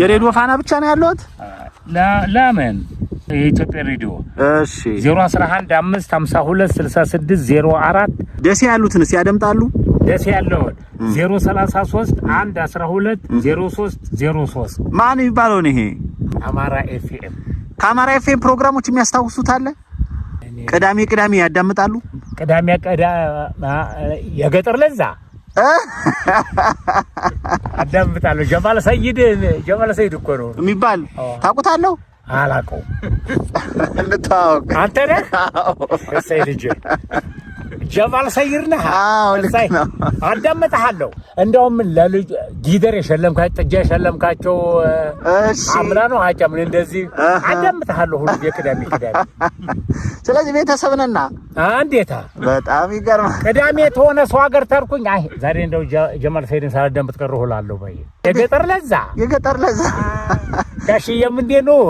የሬዲዮ ፋና ብቻ ነው ያለሁት። ለምን የኢትዮጵያ ሬዲዮ እሺ፣ 011 552 66 04 ደሴ ያሉትንስ ያደምጣሉ። ደሴ ያለውን 033 1 12 03 03 ማን የሚባለው ነው ይሄ? አማራ ኤፍኤም። ከአማራ ኤፍኤም ፕሮግራሞች የሚያስታውሱት አለ? ቅዳሜ ቅዳሜ ያዳምጣሉ። ቅዳሜ ቅዳሜ የገጠር ለዛ አዳምጣለሁ። ጀማለ ሰይድ ጀማለ ሰይድ እኮ ነው የሚባል ታውቁታለሁ። አላውቀውም። እንታወቅ አንተ ነህ ሰይድ ጀማል ሰይር ነህ? አዎ ልክ ነው። አዳመጥሃለሁ። እንደውም ለልጅ ጊደር የሸለምካቸው ጥጃ የሸለምካቸው አምና ነው ሀጫ ምን እንደዚህ አዳመጥሃለሁ ሁሉ የቅዳሜ ቅዳሜ። ስለዚህ ቤተሰብ ነና እንዴታ፣ በጣም ይገርማል። ቅዳሜ ተሆነ ሰው ሀገር ተርኩኝ። አይ ዛሬ እንደው ጀማል ሰይድን ሳላዳምጥ ቀረሁ እላለሁ። በይ የገጠር ለዛ የገጠር ለዛ ጋሽዬም እንዴት ነው?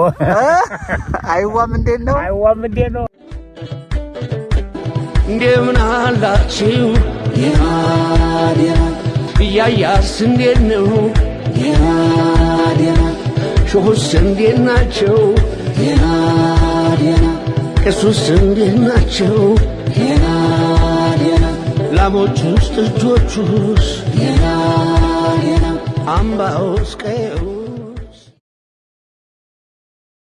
አይዋም እንዴት ነው? አይዋም እንዴት ነው? እንደምን አላችሁ? ደህና እንዴት ነው? ሾሁስ እንዴት ናቸው? ቄሱስ እንዴት ናቸው? ላሞቹስ ጥጆቹስ? አምባውስ